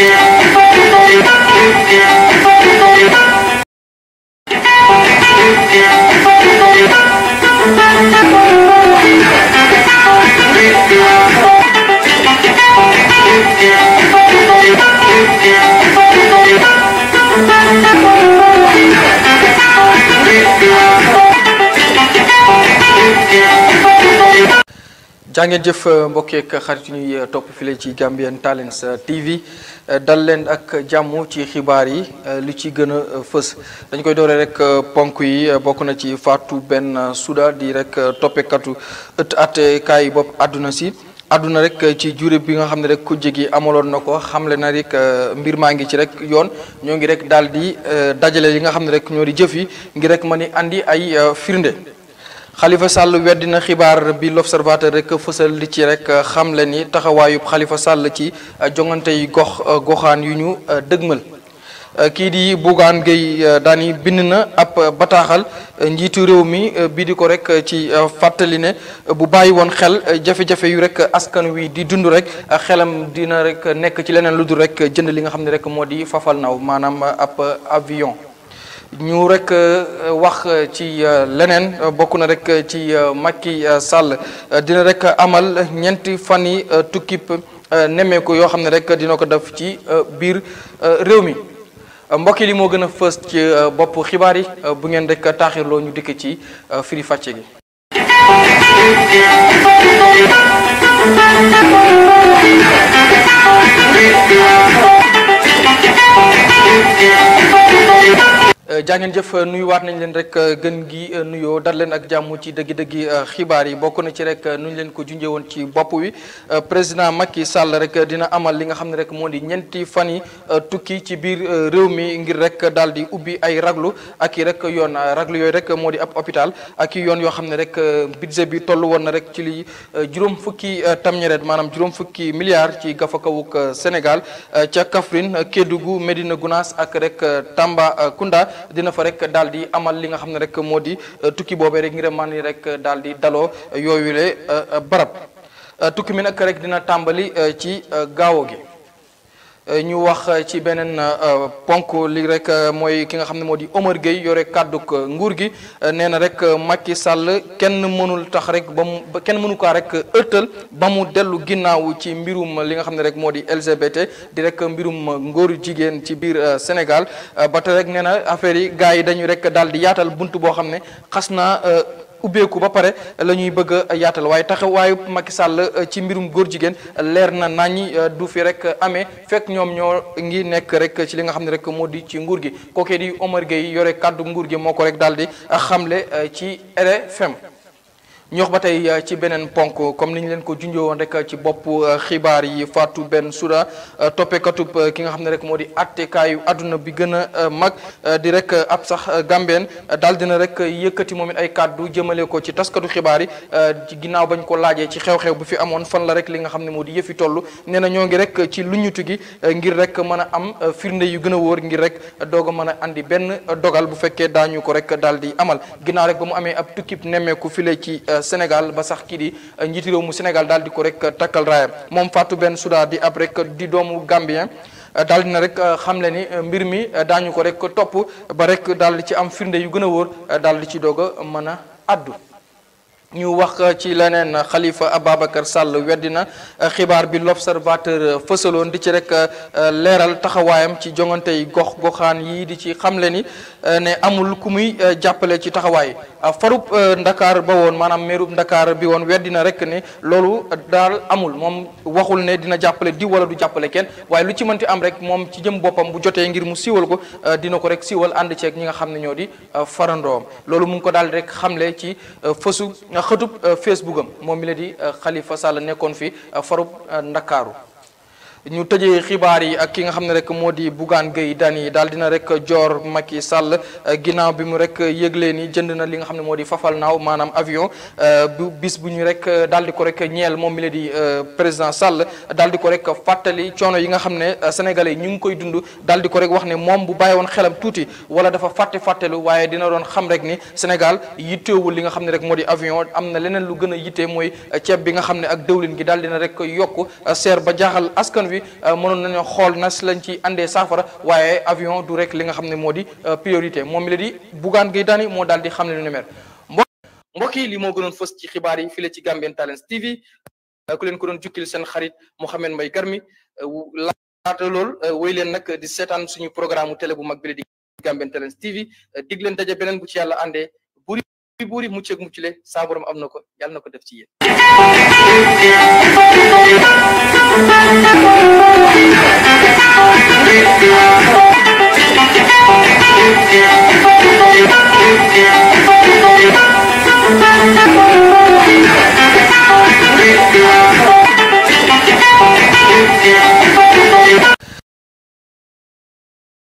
Yeah. jaa ngeen jëf mbokkeek xarit ñuy topp file ci Gambian Talents uh, TV uh, dal leen ak jàmm ci xibaar yi uh, li ci gën a fës dañ koy dooree rek ponk yi bokk na ci Fatou benn Souda di rek toppeekatu ëtt atte kaay bopp àdduna si àdduna rek ci juré bi nga xam ne rek kujje gi amaloon na ko xamle na rek mbir maa ngi ci rek yoon ñoo ngi rek daal di dajale yi nga xam ne rek ñoo di jëf yi ngir rek mën a andi ay firnde xalifa Sall weddina xibaar bi l'observateur rek fësal li ci rek euh, xam le ni taxawaayub Khalifa Sall ci euh, jongantey gox euh, goxaan yu ñu dëgmal kii di Bougane Gueye Dany bind na ab bataaxal njiitu réew mi bii di ko rek ci fàttali ne bu bàyyi woon xel jafe-jafe yu rek askan wi di dund rek xelam dina rek nekk ci leneen lu dul rek jënd li nga xam ne rek moo di fafal naw maanaam ab avion ñu rek euh, wax euh, ci euh, leneen bokk na rekk ci makki sàll dina rekk amal ñeenti fan yi tukkib nemmeeku yoo xam ne rekk dina ko def ci biir réew mi mbokk yi li moo gën a fës ci bopp xibaar yi bu ngeen rek taaxirloo ñu dikk ci firi fàcce gi. jàngeen jëf nuyuwaat nañ leen rek gën gi nuyoo dar leen ak jàmm ci dëggi-dëggi uh, xibaar yi bokk na ci rek uh, nu ñu leen ko junjee woon ci bopp wi uh, président Macky sàll rek dina amal li nga xam ne rek moo di ñeenti fan yi tukki ci biir réew mi ngir rek daal di ubbi ay raglu ak i rek yoon raglu yooyu rek moo di ab hôpital ak i yoon yoo xam ne rek budget bi toll woon na rek ci li juróom fukki tamñeret maanaam juróom fukki milliards ci gafakawuk Sénégal ca Kaffrine Kédougou Médina Gounass ak rek Tambacounda dina fa rekk daal di amal li nga xam ne rek moo di euh, tukki boobee rek ngir man ni rek daal di daloo euh, yooyule euh, barab tukki mi nag rek dina tàmbali ci gaawo gi Euh, ñu wax euh, ci beneen euh, ponk li rek mooy ki nga xam ne moo di Omar Gueye yore kàdduk nguur gi nee na rek Macky sàll kenn mënul tax rek ba mu kenn mënu kaa rek ëttal ba mu dellu ginnaaw ci mbirum li nga xam ne rek moo di LGBT di rek mbirum ngóoru jigéen ci biir Sénégal ba te rek nee na affaire yi gars yi dañu rek daal di yaatal bunt boo xam ne xas naa ubbeeku ba pare la ñuy bëgg a yaatal waaye taxawaayu Macky sàll euh, ci mbirum góor jigéen leer na naññi euh, du fi rek amee fekk ñoom ñoo ngi nekk rek ci li nga xam ne rek moo di ci nguur gi kookee di Omar Gueye yore kàddu nguur gi moo ko rek daal di xamle euh, ci RFM ñu ba tey euh, ci beneen ponk comme ni ñu leen ko junjoo woon ci bopp euh, xibaar yi benn Bensouda euh, toppeekatu ki nga xam ne rek moo di attekaayu àdduna bi gën a mag di rek ab sax gambeen daal na rek yëkkati moom it ay kàddu jëmale ko ci taskatu xibaar yi ginnaaw bañ ko laajee ci xew-xew bu fi amoon fan la rek li nga xam ne moo di yëfi toll nee na ñoo ngi rek ci lu ñu gi ngir rek mën a am firnde yu gën a wóor ngir rek doog a mën a indi benn dogal bu fekkee daañu ko rek daal di amal ginnaaw mu amee ab tukkib nemmeeku file ci Sénégal ba sax kii di eh, njiiti réew mu Sénégal daal di ko rek eh, takkal raayam moom fàttu benn sudaa di ab rek di doomu Gambien. Eh, daal na rek xam le ni mbir mi daañu ko rek topp ba rekk daal di ci am firnde yu gën a wóor daal di ci doog a mën a addu ñu wax ci leneen xalifa Ababacar sàll weddina xibaar bi l'observateur fësaloon di ci rek leeral taxawaayam ci jongante yi gox goxaan yi di ci xamle ni ne amul ku muy jàppale ci taxawaay farub euh, Ndakaar ba woon maanaam meerub Ndakaar bi woon weddina rek ne loolu daal amul moom waxul ne dina jàppale diw wala du jàppale kenn waaye lu ci mënti am rek moom ci jëm boppam bu jotee ngir mu siiwal ko euh, dina ko rek siiwal ànd ceeg ñi nga xam ne ñoo di euh, farandoom loolu mu ko daal rek xamle ci fësu xëtub Facebook am moom mi la di Khalifa Sall nekkoon fi farub Ndakaaru ñu tëjee xibaar yi ak ki nga xam ne rek moo di Bougane Gueye yi daal dina rek joor Macky Sall euh, ginnaaw bi mu rek yëglee ni jënd na li nga xam ne moo di fafal naaw maanaam avion euh, bu bis bu ñu rek euh, daal di ko rek ñeel moom mi la di président Sall daal di ko rek fàttali coono yi nga xam ne sénégalais ñu ngi koy dund daal di ko rek wax ne moom bu bàyyi woon xelam tuuti wala dafa fàtte fàttelu waaye dina doon xam rek ni Sénégal yitteewul li nga xam ne rek moo di avion am na leneen lu gën a yitte mooy ceeb bi nga xam ne ak dëwlin gi daal dina rek yokk seer ba jaaxal askan askan wi euh, mënoon nañoo xool nas lañ ci andee saafara waaye avion du rek li nga xam ne moo di euh, priorité moom mi la di Bougane Gueye Dany moo daal di xam ne lu ne yi li moo gënoon fos ci xibaar yi fii la ci Gambian Talents TV euh, ku leen ko doon jukkil seen xarit Mouhamed Mbaye Garmi laata lool wéy leen nag di seetaan suñu programme tele bu mag bi la di Gambian Talents TV dig leen daje beneen bu ci yàlla àndee buuri buuri mucceeg muccule saa borom am na ko yàlla na ko def ci yéen